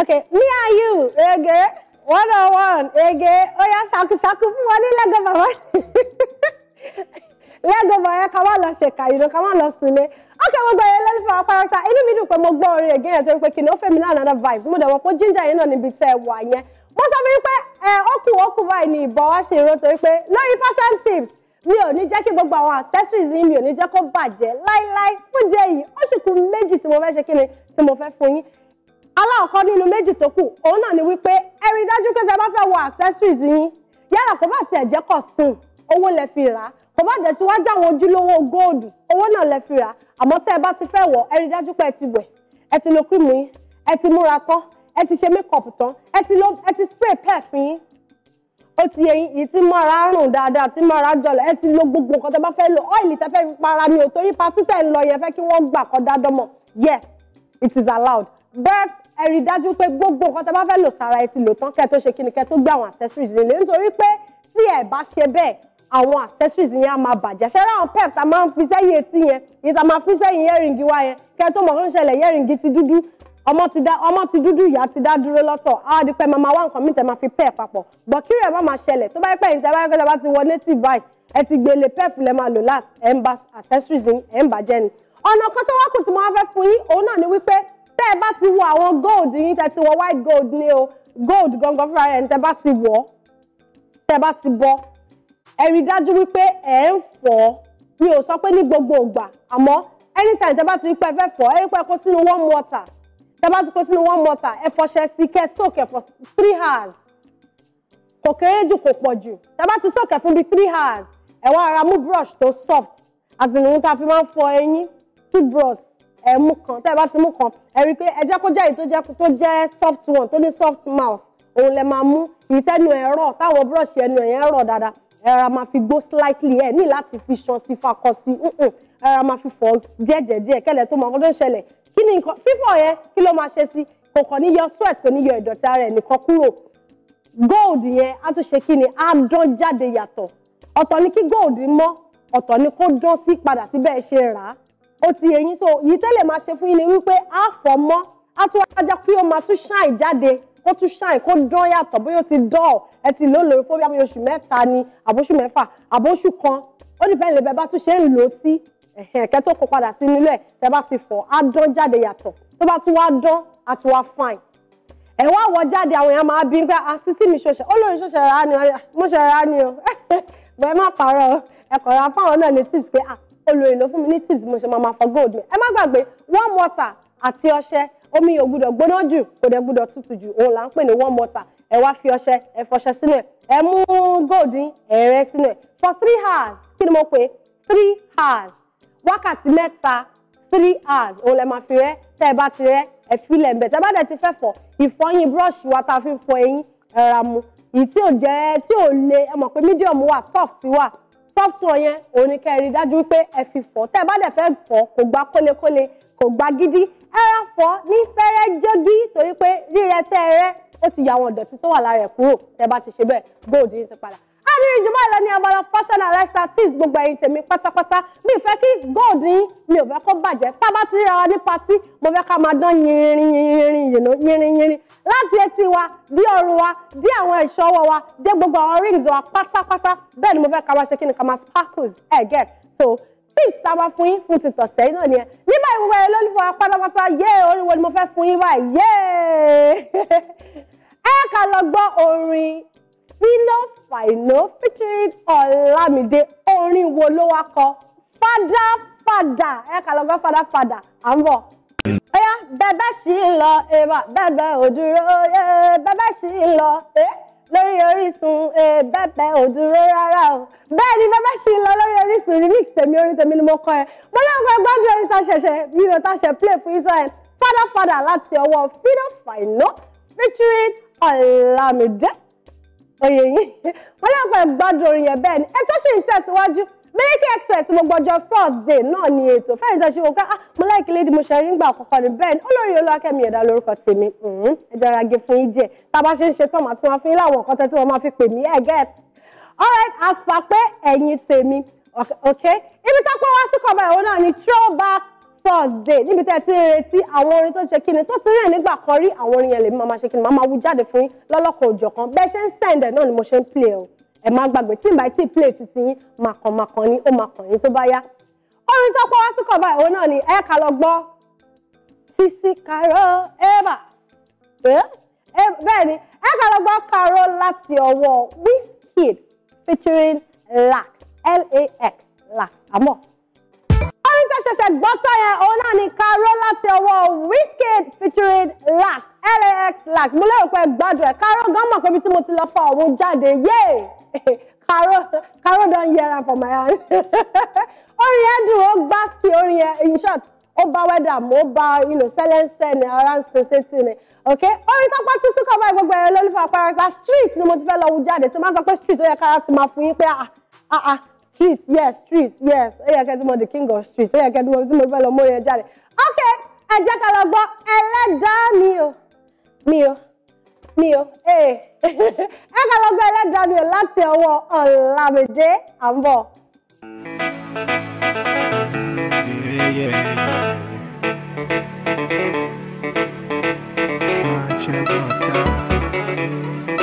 okay me and you ege one on one ege oya sakusaku fún wọn ní lẹ́gàn bàbá lẹ́gàn bàbá ká wá lọ ṣèkà ìró ká wá lọ sílé okay gbogbo ẹ̀yẹ lẹ́lẹ́fọ̀ apáráta inú mi dùn pé mo gbọ́ orin ẹ̀gẹ́ yẹn torí pé kìnìún fẹ́mi náà another vibe mo dẹ̀ wọ́n ginger yẹn náà níbi tẹ́ ẹ wà yẹn mo sọ fún yín pé ẹ ókù ókù báyìí ni ìbọn wá ṣe ìró torí fashion tips mi ò ní jẹ́ kí gbogbo àwọn accessories yìí mi ò ní jẹ́ kó bàjẹ́ láíláí fún jẹ́ yìí ó sì kù méjì tí mo fẹ́ ṣe kí ni mo fẹ́ fún yín alákọ̀ọ́kọ́ nínú méjì tó kù òun náà ni wípé ẹ rí dájú pé tẹ bá fẹ́ wọ accessories yín yálà kó bá tiẹ̀ jẹ́ costume owó lẹ fi rà á kò bá dẹ̀ tí wá jẹ́ àwọn ojúlówó góòdù owó náà lẹ fi rà àmọ́ tẹ́ ẹ bá ti fẹ́ wọ̀ ẹ rí dájú pé ẹ ti wẹ̀ ẹ ti lo kírìmù yín ẹ ti múra tán ẹ ti ṣe makeup tán ẹ ti lo ẹ ti spray perfume yín ó ti yẹ yín tí mọ ara rùn dáadáa tí mọ ara jọlọ ẹ ti lo gbogbo nǹkan tẹ́ bá fẹ́ lo ọ́ìlì tẹ́ fẹ́ fi para ni ò torí patí tẹ́ ń lọ yẹn fẹ́ kí wọ́n gbà kọ́ dádọ́mọ̀ yes it is allowed but ẹ rí i dájú pé gbogbo nǹkan tẹ́ bá fẹ́ lò sára ẹ ti lò tán kẹ́ tó ṣe kíni kẹ́ tó gbé àwọn accessories nílé nítorí pé tí ẹ bá ṣe bẹ́ẹ̀ àwọn accessories yẹn á máa bàjẹ́ ṣẹ́rẹ́ àwọn pep tá máa ń fi sẹ́yìn etí yẹn èyí tá máa fi sẹ́yìn yẹ́rìngì wa yẹn kẹ́ tó mọ̀ ń ṣẹlẹ̀ yẹ́rìngì ti dúdú ọmọ ti dá ọmọ ti dúdú ìyá ti dá dúró lọ́tọ̀ àwọn àdìpẹ́ máa máa wá nǹkan mí tẹ́ máa fi pep papọ̀ bọ̀ kí rẹ̀ má máa ṣẹlẹ̀ tó bá yẹ pé ìtẹ́ bá yẹ pé ti wọ native buy ẹ ti gbélé e pep lẹ́ máa lò last ẹ̀ ń ba accessories ẹ̀ ń bàjẹ́ ni ọ̀nà kan tó wá kù tí mo wá fẹ́ fún yín òun náà ni wípé tẹ́ ẹ bá ti wọ àwọn gold yín tẹ́ ti wọ white gold ni o gold gangan fúnra rẹ̀ ní tẹ́ bá ti wọ̀ tẹ́ bá ti bọ́ ẹ rí dájú wípé ẹ̀ ń fọ̀ mi ò sọ pé ní gbogbo ìgbà àmọ́ anytime tẹ́ bá ti rí pé ẹ fẹ́ fọ̀ ẹ rí pé ẹ kó sínú warm water tẹ́ bá ti kó sínú warm water ẹ fọṣẹ sí kẹ́ soak for three hours kò kéré jù kò pọ̀ jù tẹ́ bá ti soak ẹ fún bíi three hours ẹ wá ara mú brush tó soft As in, tá a fi máa ń fọ eyín toothbrush ẹ mú kan tẹ́ ẹ bá ti mú kan ẹ rí i pé ẹ jẹ́ kó jẹ́ èyí tó jẹ́ tó jẹ́ soft one tó ní soft mouth òun lẹ máa mú ìtẹ́nu ẹ̀ rọ̀ táwọn búrọ̀ṣì ẹnu ẹ̀ yẹn rọ̀ dáadáa ẹ̀rọ máa fi gbó slightly ẹ̀ ní láti fi ṣan sí fakọ sí ẹ̀rọ máa fi fọ díẹ̀díẹ̀díẹ̀ kẹ́lẹ̀ tó mọ̀ ọkọ tó ń ṣẹlẹ̀ kí ni nǹkan fífọ̀ yẹn kí ló máa ṣe sí kò kàn ní yọ sweat kò ní yọ ìdọ̀tí ara ẹ̀ nìkan kúrò gold yẹn á tún ṣe kí ni á dán jáde yàtọ̀ ọ̀tọ̀ ni kí gold mọ́ ọ̀tọ̀ ni kó dán sí padà sí ṣe rà á ó ti yẹ yín so yìí tẹ́lẹ̀ máa ṣe fún yín ni wípé á fọ̀ mọ́ á tún ajá kí ó máa tún ṣáì jáde kó tún ṣáì kó dán yàtọ̀ bóyá ti dọ́ọ̀ ẹ ti lò lórí fóbi àbí oṣù mẹ́ta ni àbóṣù abo àbóṣù kan ó ní fẹ́ẹ́ lè bẹ́ẹ̀ bá tún ṣe ń lò ó sí ẹ̀kẹ́ tó kó padà sí nílẹ̀ tẹ́ bá ti fọ̀ á dán jáde yàtọ̀ tó bá tún wá dán á tún wá fine ẹ wá wọ jáde àwọn èèyàn máa bí pé àṣìṣì ah, mi ṣoṣẹ ó lóun ṣoṣẹ rà ni mo ṣe rà ni o bẹ́ẹ̀ má pààrọ̀ ẹ̀kọ́ ra fáwọn náà ní tips pé ah, olórí ló fún mi ní tips mo ṣe máa ma fọ gold mi ẹ má gbàgbé warm water àti ọṣẹ omi yóò gbúdọ̀ gbóná jù kò dẹ̀ gbúdọ̀ tútù jù òun là ń pè ní warm water ẹ wá fi ọṣẹ ẹ fọṣẹ sínú ẹ ẹ mú gold ẹ rẹ sínú ẹ for three hours kí ni mo pè three hours wákàtí mẹ́ta three hours òun lẹ máa fi rẹ tẹ ẹ bá ti rẹ ẹ filẹ̀ ń bẹ̀ tẹ bá dẹ̀ ti fẹ́ fọ ìfọyín brush wa tá a fi ń fọ eyín ẹ ra mu èyí tí ò jẹ́ tí ò le ẹ mọ̀ pé medium wà soft wà software yẹn òun ni kẹ́ ẹ rí dájú wípé ẹ fi fọ̀ tẹ́ ẹ bá dẹ̀ fẹ́ fọ̀ kò gba kólekóle kò gba gidi ẹ rà fọ̀ ní fẹ́rẹ́ jọ́gí torí pé rírẹ tẹ́ ẹ rẹ́ ó ti yà àwọn ìdọ̀tí tó wà lára ẹ̀ kúrò tẹ́ ẹ bá ti ṣe bẹ́ẹ̀ góòdù yìí ti padà ní ìjọba ìlà ní abala fashion and lifestyle tips gbogbo ẹ̀yin tèmi pátápátá mi ò fẹ́ kí gold yín mi ò fẹ́ kó bàjẹ́ tá a bá ti rí ara ní patí mo fẹ́ ká máa dán yinrin yinrin yinrin yinrin láti etí wa dé ọrùn wa dé àwọn ẹ̀ṣọ́ ọwọ́ wa dé gbogbo àwọn rings wa pátápátá bẹ́ẹ̀ ni mo fẹ́ ká máa ṣe kí ni ká máa sparkles ẹ̀ gẹ̀ so tips tá a máa fún yín fún ti tọ̀sẹ̀ yìí náà nìyẹn ní báyìí gbogbo ẹ̀ lólùfọ́ pátápátá yé orin wo ni mo fẹ́ fún yín báyìí yé ẹ ká lọ gbọ́ orin kí ló featuring Olamide. orin wo ló wá kọ fada fada ẹ kà lọ gbọ́ fada fada à ń bọ̀. ẹyà bẹ̀bẹ̀ sì ń lọ èèmọ̀ bẹ̀bẹ̀ ò dúró bẹ̀bẹ̀ sì ń lọ lórí Orísun bẹ̀bẹ̀ ò dúró rárá o bẹ́ẹ̀ ni sì ń lọ lórí Orísun remix tèmi orin tèmi ni mo kọ ẹ mo lọ́wọ́ gbọ́dọ̀ orin tá a ṣẹ̀ṣẹ̀ mi ò tá a ṣẹ̀ play fún ìtọ́ ẹ fada fada láti ọwọ́ Fido Fino featuring Olamide. Oye, yín wọn lọ́pọ̀ gbádùn orin yẹn bẹ́ẹ̀ ni ètò ṣì ń tẹ̀síwájú Miliki Express gbogbo ọjọ́ Thursday náà ni ètò fẹ́yìntì ṣe wò ká mo ah, láìkí lédi mo ṣe rí ńgbà àkọ́kọ́ ni bẹ́ẹ̀ ni olórí Olúwakẹ́mi Ẹ̀dá lórúkọ tèmi mm-hmm. ẹ̀jẹ̀ ara gé fún yín díẹ̀ tá a bá ṣe ń ṣe tán màá tún wọn fún yín láwọn nǹkan tẹ́ tí wọ́n máa fi pè mí ẹ̀ get all right as pa pé ẹ̀yin tèmi ok ibi tó pé wá sí kọ́ báyìí òun náà ni throwback Thursday níbi tẹ́ ẹ ti ń retí àwọn orin tó ṣe kíni tó ti rìn nígbà kan rí àwọn orin yẹn lè máa ṣe kíni máa máa wú jáde fún yín lọ́lọ́kan òjọ̀kan bẹ́ẹ̀ ṣe ń send ẹ̀ náà ni mo ṣe ń play o ẹ má gbàgbé tí ìbá tí play titi yín màkànmàkàn ni ó máa kàn yín tó bá yá orin tó pọ́ wá sí kọ̀ọ̀bá ìwọ náà ni ẹ ká lọ gbọ́ Sisi Carol Eva bẹ́ẹ̀ ni ẹ ká lọ gbọ́ Carol láti ọwọ́ Wizkid featuring Lax L-A-X Lax àmọ́ ṣẹ̀ṣẹ̀ gbọ́ sáyẹn òun náà ni Karo láti ọwọ́ Wizkid featuring Lax LAX Lax mo lérò pé gbádùn ẹ̀ Karo gan mọ̀ pé ibi tí mo ti lọ fọ òun jáde yéè Karo Karo don yẹra for my hand orin yẹn dùn ó gbá kí orin yẹn in short ó bá wẹ́dà mo bá you know sẹ́lẹ́sẹ́ ni ara ń sin sétí ni ok orin tó pátí sí kọ́ba gbogbo ẹ̀rọ lólùfẹ́ àpárá street ni mo ti fẹ́ lọ wù jáde tí máa sọ pé street ó yẹ kára ti máa fún yín pé ah ah, ah street yes street yes ó kẹ́ tí mo the king of street ó kẹ́ tí mo tí mo fẹ́ lọ mú yẹn jáde ok ẹ jẹ́ ká lọ gbọ́ ẹlẹ́dàá mi o mi o mi o ee eh. ẹ ká lọ gbọ́ ẹlẹ́dàá mi o láti ọwọ́ Ọlámídé à Yeah, yeah, Watch it,